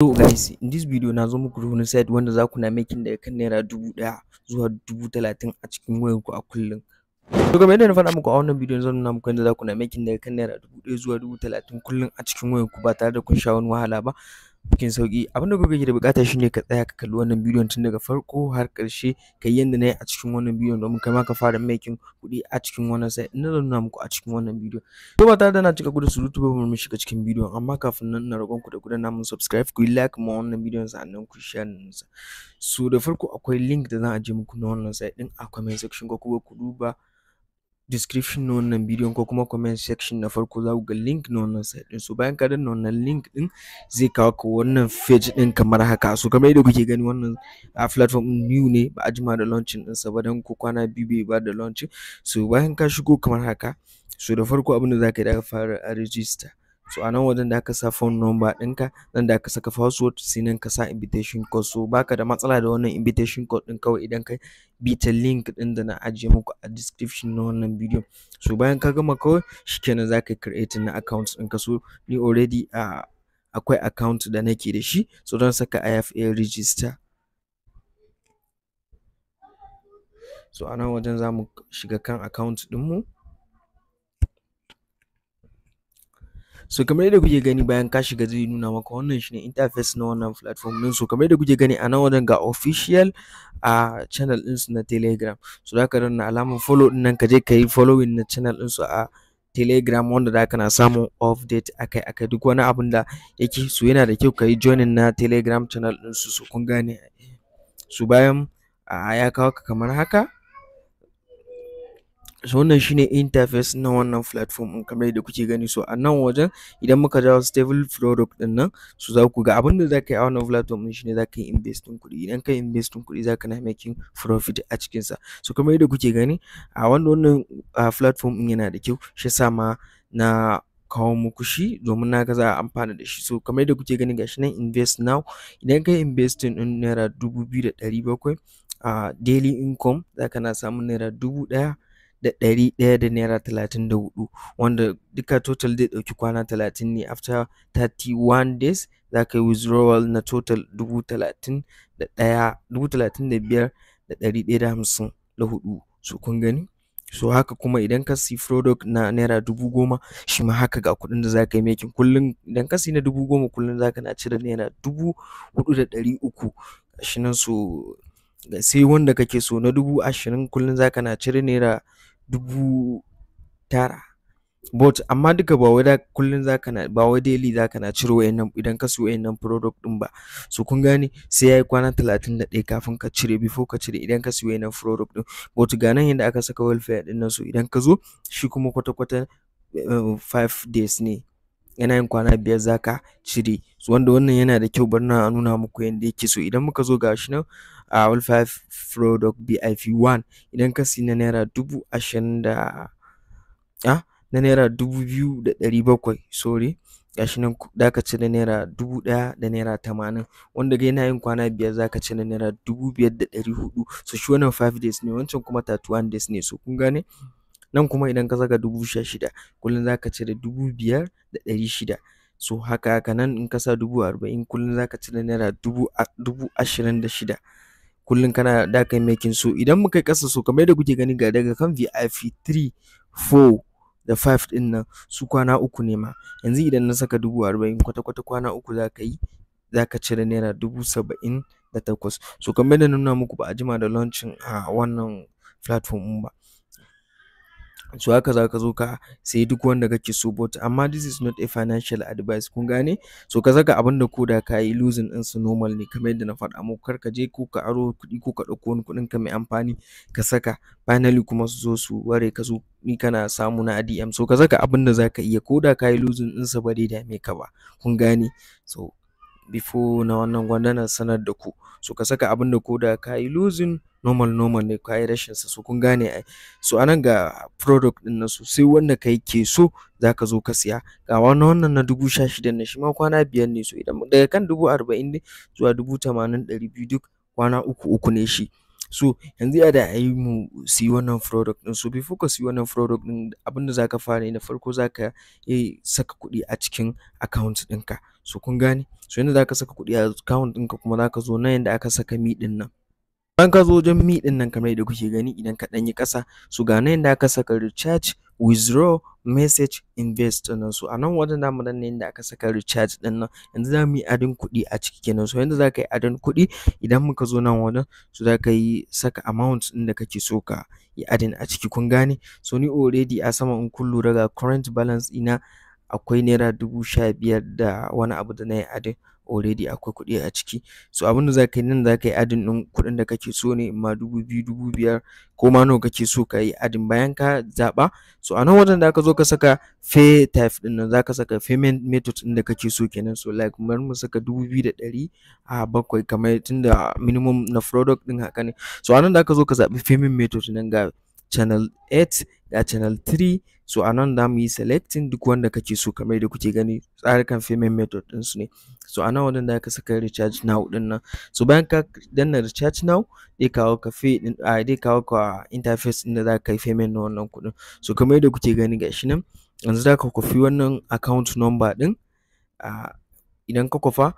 So guys, in this video na zo muku da said site wanda za ku na making daga kan naira dubu ɗaya zuwa dubu talatin a cikin wayar ku a kullum. To kamar yadda na faɗa muku a wannan bidiyon zan nuna muku yadda za ku na making daga kan naira dubu ɗaya zuwa dubu talatin kullum a cikin wayar ku ba tare da kun sha wani wahala ba. cikin sauki abinda gobe yake da bukata shi ne ka tsaya ka kalli wannan bidiyon tun daga farko har karshe ka yanda na yi a cikin wannan bidiyon domin kai ma ka fara making kuɗi a cikin wannan site na nuna muku a cikin wannan bidiyon to ba tare da na cika gudu su surutu ba mu shiga cikin bidiyon amma kafin nan ina roƙon ku da ku danna mun subscribe ku yi like ma wannan bidiyon sannan ku share sa so da farko akwai link da za a je muku na wannan site din a comment section ko ku duba description na wannan bidiyon ko kuma comment section na farko za ku ga link na wannan site din so bayan ka danna wannan link din zai kawo ka wannan page din kamar haka so kamar yadda kuke gani wannan a platform new ne ba a jima da launching sa ba dan ko kwana biyu bai ba da launching so bayan ka shigo kamar haka so da farko abin da za ka yi da fara a register so a nan wajen da aka sa phone number ɗinka nan da aka saka password sai nan ka sa invitation code so baka da matsala da wannan invitation code ɗin kawai idan ka bi ta link ɗin da na ajiye muku a description na wannan bidiyon so bayan ka gama kawai shikenan za ka yi na account ɗinka so ni already a akwai account da nake da shi so don saka IFA register so a nan wajen za mu shiga kan account mu. So kamar yadda kuke gani bayan ka shiga zai nuna maka wannan shine interface na wannan platform din. So kamar yadda kuke gani a nan wajen ga official a channel din su na Telegram. So da ka danna alamar follow din nan ka je ka yi following na channel din su a Telegram wanda da kana samun update akai-akai duk wani abin da yake so yana da kyau ka yi joining na Telegram channel din su so kun gane. su bayan ya kawo ka kamar haka so wannan shine interface na wannan platform ɗin kamar yadda kuke gani so a nan wajen idan muka dawo stable product ɗin nan so za ku ga abin da za ka yi a wannan platform ɗin shine za ka yi investing kuɗi idan ka yi investing kuɗi za ka na making profit a cikinsa so kamar yadda kuke gani a wannan wannan platform ɗin yana da kyau shi sa ma na kawo muku shi domin na ga za a amfana da shi so kamar yadda kuke gani gashi nan invest now idan ka yi investing ɗin naira dubu biyu da ɗari bakwai a daily income za ka na samun naira dubu ɗaya da ɗari ɗaya da naira talatin da hudu wanda duka total zai ɗauki kwana talatin ne after thirty one days za ka yi withdrawal na total dubu talatin da ɗaya dubu talatin da biyar da ɗari ɗaya da hamsin da hudu so kun gani so haka kuma idan ka si product na naira dubu goma shi ma haka ga kuɗin da za ka yi making kullum idan ka si na dubu goma kullum za ka na cire naira dubu hudu da ɗari uku shi nan so sai wanda kake so na dubu ashirin kullum za kana cire naira dubu tara but amma duka ba wai kullum za kana ba wai daily za kana cire wayannan idan ka siyo wayannan product din ba so kun gane sai yayi kwana talatin da ɗaya kafin ka cire before ka cire idan ka siyo wayannan product din but ga nan yadda aka saka welfare din nan so idan ka zo shi kuma kwata-kwata 5 eh, days ne yana yin kwana biyar za ka cire so wanda wannan yana da kyau bari na nuna muku yadda yake so idan muka zo ga shi nan a Wolf product bif 1 idan ka si na naira dubu ashirin da a na naira dubu biyu da ɗari bakwai sorry ga shi nan da ka naira dubu ɗaya da naira tamanin wanda ga yana yin kwana biyar za ka na naira dubu biyar da ɗari hudu. so shi wannan five days ne wancan kuma thirty one days ne so kun gane. nan kuma idan ka saka dubu sha shida kullum za ka cire dubu biyar da ɗari shida so haka haka nan in ka sa dubu arba'in kullum za ka cire naira dubu ashirin da shida kullum kana da kai making so idan muka yi ƙasa so kamar yadda kuke gani ga daga kan VIP 3 4 da 5 ɗin nan su kwana uku ne ma yanzu idan na saka dubu arba'in kwata-kwata kwana uku za ka yi za ka cire naira dubu saba'in da takwas so kamar yadda nuna muku ba a jima da launching a ah, wannan platform ba Su haka za ka zo ka sayi duk wanda kake so but amma this is not a financial advice kun gane so ka saka abin da ko da ka yi losing din su normal ne kamar yadda na faɗa amma kar ka je ko ka aro kuɗi ko ka ɗauko wani kuɗin ka mai amfani ka saka finally kuma su zo su ware ka zo ni kana samu na ADM so ka saka abin da za ka iya ko da ka yi losing din sa ba dai dame ka ba kun gane so before na wannan gwanda sanar da ku so ka saka abin da ko da ka yi losing normal normal ne ka rashin sa so kun gane ai so anan ga product din nasu sai wanda ka ke so za ka zo ka siya ga wannan wannan na dubu sha shida ne shi ma kwana biyar ne so idan daga kan dubu arba'in ne zuwa dubu tamanin ɗari biyu duk kwana uku uku ne shi so yanzu ya da a yi mu si wannan product din so before ka si wannan product din abinda za ka fara yi na farko za ka yi saka kuɗi a cikin account ɗinka so kun gane so yanda za ka saka kuɗi a account ɗinka kuma za ka zo nan yanda aka saka mi ɗin nan an ka zo wajen mi ɗin nan kamar yadda kuke gani idan ka danyi yi su su ga nan inda aka saka recharge, withdraw, message, invest nan. su a nan wajen da mu inda aka saka recharge din nan, yanzu za mu yi adin kuɗi a ciki kenan. So yanzu za ka yi adin kuɗi idan muka zo nan wajen, su za ka yi saka amount ɗin da kake so ka yi adin a ciki kun gane. So ni already a sama in kun lura ga current balance ina. akwai naira dubu sha biyar da wani abu da na yi adin already akwai kuɗi a ciki so abin da za ka yi nan za ka yi adin ɗin kuɗin da kake so ne in ma dubu biyu dubu biyar ko ma nawa kake so ka yi adin bayan ka zaɓa so a nan wajen da ka zo ka saka pay type ɗin nan za ka saka payment method ɗin da kake so kenan so like bari mu saka dubu biyu da ɗari a bakwai kamar tunda minimum na product ɗin haka ne so a nan da ka zo ka zaɓi payment method nan ga channel 8 da channel 3 so a nan za mu yi selecting duk wanda kake so kamar yadda kuke gani tsari kan payment method din su ne so a nan wajen da ka saka recharge now din nan so bayan ka danna recharge now dai kawo ka fee din a dai kawo ka interface din da za ka yi payment na wannan kudin so kamar yadda kuke gani gashi nan yanzu za ka kofi wannan account number din a idan ka kofa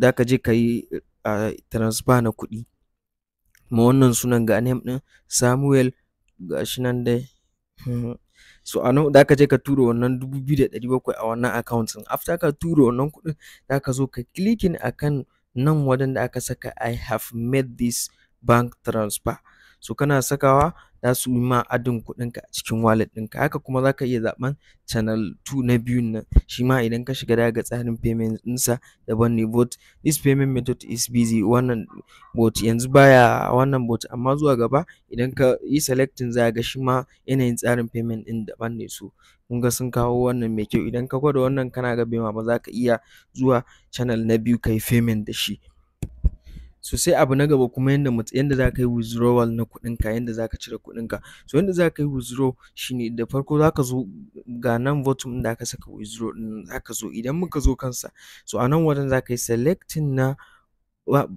za ka je ka yi transfer na kudi ma wannan sunan ga name din Samuel gashi nan dai so a nan zaka je ka tura wannan dubu biyu da ɗari bakwai a wannan account ɗin after ka tura wannan kuɗin zaka zo ka clicking akan nan wajen da aka saka I have made this bank transfer so kana sakawa za su yi ma adin kuɗinka a cikin wallet ɗinka. Haka kuma za ka iya zaɓen channel 2 na biyun nan, shi ma idan ka shiga daga tsarin payment ɗinsa daban ne but this payment method is busy wannan but yanzu baya wannan bot amma zuwa gaba idan ka yi selecting za ga shi ma yanayin tsarin payment ɗin daban ne. su kun ga sun kawo wannan mai kyau, idan ka gwada wannan kana ga ma ba za ka iya zuwa channel na biyu ka yi payment da shi. So sai abu na gaba kuma yanda yanda za ka yi withdrawal na kuɗinka yanda za ka cire kuɗinka. So yanda za ka yi withdraw shi ne da farko za ka zo ga nan bottom da aka saka withdraw din za ka zo idan muka zo kansa so a nan wajen za ka yi selecting na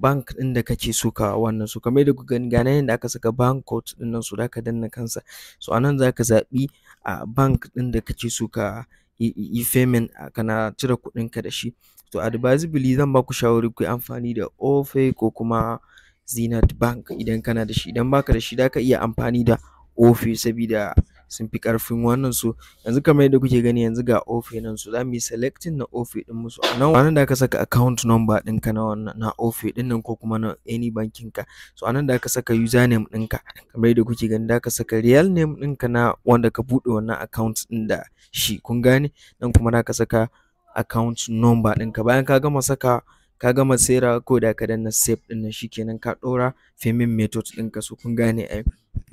bank din da kake so ka wannan so kamar yadda kuka gani ga nan yanda aka saka bank code din nan so zaka danna kansa so a nan zaka zaɓi a bank ɗin da kake so ka yi payment kana cire kuɗinka da shi to advisably zan baku shawari ku yi amfani da ofe ko kuma Zenith Bank idan kana da shi idan baka da shi zaka iya amfani da ofe sabida sun fi ƙarfin wannan su yanzu kamar yadda kuke gani yanzu ga ofe nan su za mu yi selectin na ofe ɗin musu a nan wannan da aka saka account number ɗinka na wannan na ofe ɗin nan ko kuma na any banking ka so anan da aka saka username ɗinka kamar yadda kuke gani da aka saka real name ɗinka na wanda ka buɗe wannan account ɗin da shi kun gane nan kuma da aka saka account number ɗinka bayan ka gama saka ka gama serawa ko da ka danna save din nan shikenan ka ɗora femin method ɗin so kun gane ai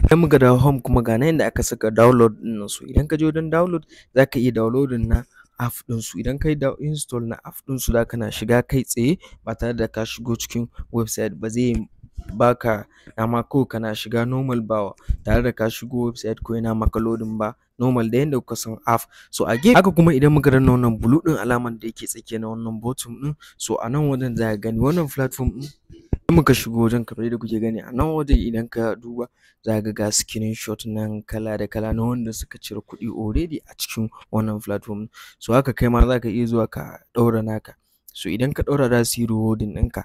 idan muga da home kuma ga nan yadda aka saka download din nan so idan ka je don download zaka ka iya din na app din su idan ka yi install na app din su za kana shiga kai tsaye ba tare da ka shigo cikin website ba zai baka dama ko kana shiga normal ba tare da ka shigo website ko yana maka loading ba normal da yadda kuka san half so a gefe haka kuma idan muka danna wannan blue din alaman da yake tsakiya na wannan bottom din so a nan wajen za ka gani wannan platform din muka shigo wajen kamar yadda kuke gani a nan wajen idan ka duba za ka ga screenshot nan kala da kala na wanda suka cire kuɗi already a cikin wannan platform so haka kai ma za ka iya zuwa ka ɗaura naka so idan ka ɗaura za su yi rewarding ɗinka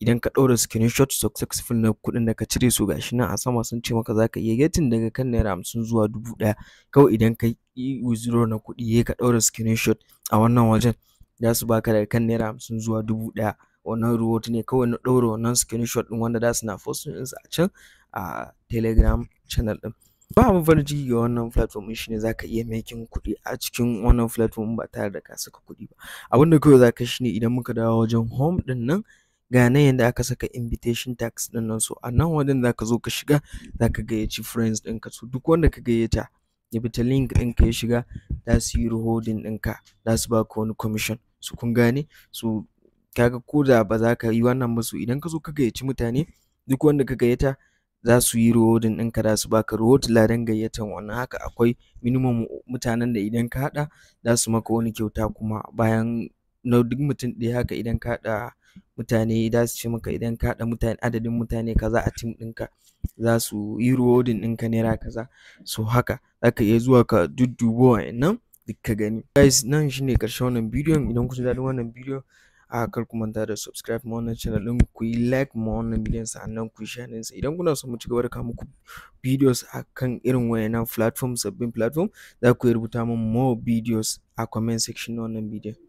idan ka ɗaura screenshot successful na kuɗin da ka cire su gashi nan a sama sun ce maka zaka iya getin daga kan naira hamsin zuwa dubu ɗaya kawai idan ka yi withdraw na kuɗi sai eh, ka ɗaura screenshot a wannan wajen za su baka daga kan naira hamsin zuwa dubu ɗaya wannan reward ne kawai na ɗaura wannan screenshot ɗin wanda za su na posting ɗinsu a can a telegram channel ɗin ba mu farin ciki ga wannan platform ne zaka iya making kuɗi a cikin wannan platform ba tare da ka saka kuɗi ba abinda kawai zaka ne idan muka dawo wajen home ɗin nan ga nan yadda aka saka invitation tax din nan so a nan wajen za ka zo ka shiga za ka gayyaci friends ɗinka so duk wanda ka gayyata ya bi ta link ɗinka ya shiga za su yi rewarding ɗinka za su ba ka wani commission su kun gane su kaga ko da ba za ka yi wannan ba su idan ka zo ka gayyaci mutane duk wanda ka gayyata za su yi rewarding ɗinka za su baka reward ladan gayyatan wannan haka akwai minimum mutanen da idan ka haɗa za su maka wani kyauta kuma bayan na duk mutum ɗaya haka idan ka haɗa mutane za su ce maka idan ka haɗa mutane adadin mutane kaza a tim ɗinka za su yi rewarding ɗinka naira kaza so haka za ka iya zuwa ka dudduba wa'innan duk ka gani guys nan shine karshen wannan bidiyo idan kun ji daɗin wannan bidiyo, a kar ku manta da subscribe ma wannan channel ɗin ku yi like ma wannan bidiyon sannan ku yi share sa idan kuna son mu ci gaba da kawo muku videos a kan irin wayannan platform sabbin platform za ku iya rubuta min more videos a comment section na wannan bidiyon